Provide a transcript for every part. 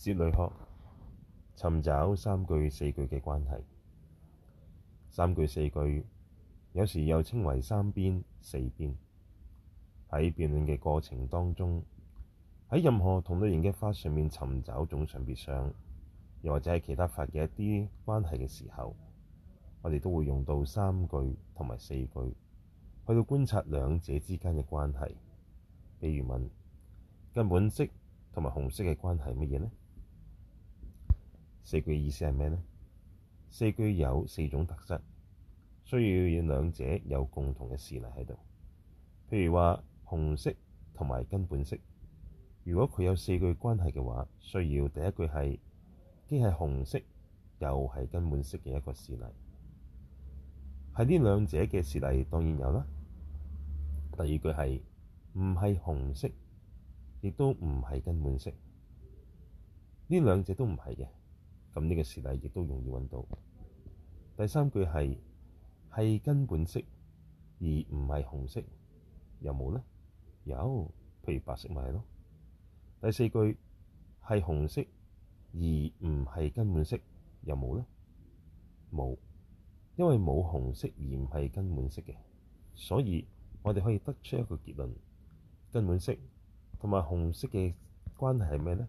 攝類學尋找三句四句嘅關係，三句四句有時又稱為三邊四邊。喺辯論嘅過程當中，喺任何同類型嘅法上面尋找總相別相，又或者係其他法嘅一啲關係嘅時候，我哋都會用到三句同埋四句，去到觀察兩者之間嘅關係。比如問，根本色同埋紅色嘅關係係乜嘢呢？四句意思係咩呢？四句有四種特色，需要兩者有共同嘅事例喺度。譬如話紅色同埋根本色，如果佢有四句關係嘅話，需要第一句係既係紅色又係根本色嘅一個事例，係呢兩者嘅事例，當然有啦。第二句係唔係紅色，亦都唔係根本色，呢兩者都唔係嘅。咁呢個事例亦都容易揾到。第三句係係根本色，而唔係紅色，有冇呢？有，譬如白色咪係咯。第四句係紅色，而唔係根本色，有冇呢？冇，因為冇紅色而唔係根本色嘅，所以我哋可以得出一個結論：根本色同埋紅色嘅關係係咩呢？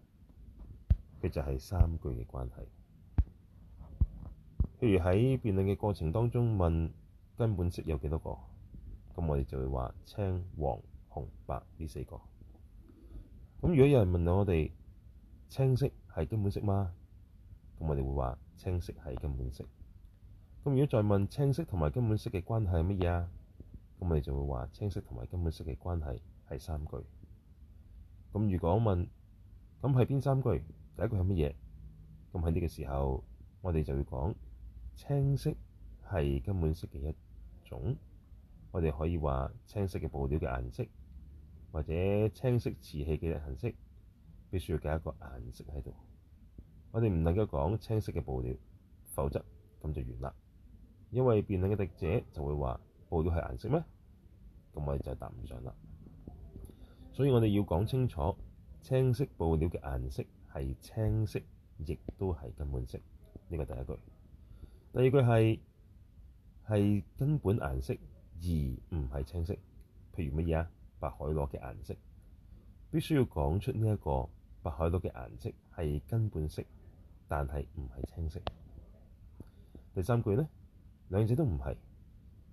佢就係三句嘅關係。譬如喺辯論嘅過程當中，問根本色有幾多個？咁我哋就會話青、黃、紅、白呢四個。咁如果有人問我哋，青色係根本色嗎？咁我哋會話青色係根本色。咁如果再問，青色同埋根本色嘅關係係乜嘢啊？咁我哋就會話青色同埋根本色嘅關係係三句。咁如果問，咁係邊三句？第一句係乜嘢？咁喺呢個時候我哋就會講。青色係根本色嘅一種，我哋可以話青色嘅布料嘅顏色，或者青色瓷器嘅顏色，必須要加一個顏色喺度。我哋唔能夠講青色嘅布料，否則咁就完啦。因為辯論嘅敵者就會話布料係顏色咩？咁我哋就答唔上啦。所以我哋要講清楚，青色布料嘅顏色係青色，亦都係根本色。呢個第一句。第二句係係根本顏色，而唔係青色，譬如乜嘢啊？白海螺嘅顏色，必須要講出呢、這、一個白海螺嘅顏色係根本色，但係唔係青色。第三句呢，兩者都唔係，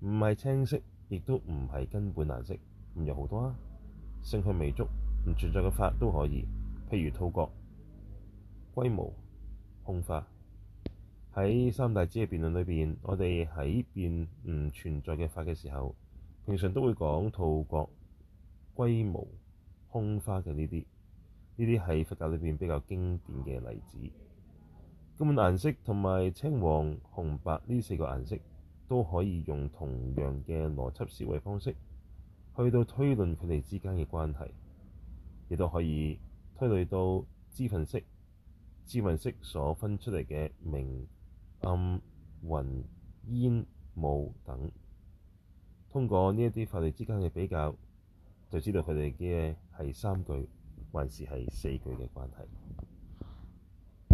唔係青色，亦都唔係根本顏色。唔有好多啊，性響未足，唔存在嘅法都可以，譬如透角、龜模、空法。喺三大寺嘅辯論裏邊，我哋喺辯唔存在嘅法嘅時候，平常都會講兔角、龜毛、空花嘅呢啲。呢啲係佛教裏邊比較經典嘅例子。咁顏色同埋青黃紅白呢四個顏色都可以用同樣嘅邏輯思維方式去到推論佢哋之間嘅關係，亦都可以推論到支分色。支分色所分出嚟嘅明、暗雲、um,、煙霧等，通過呢一啲法類之間嘅比較，就知道佢哋嘅係三句還是係四句嘅關係。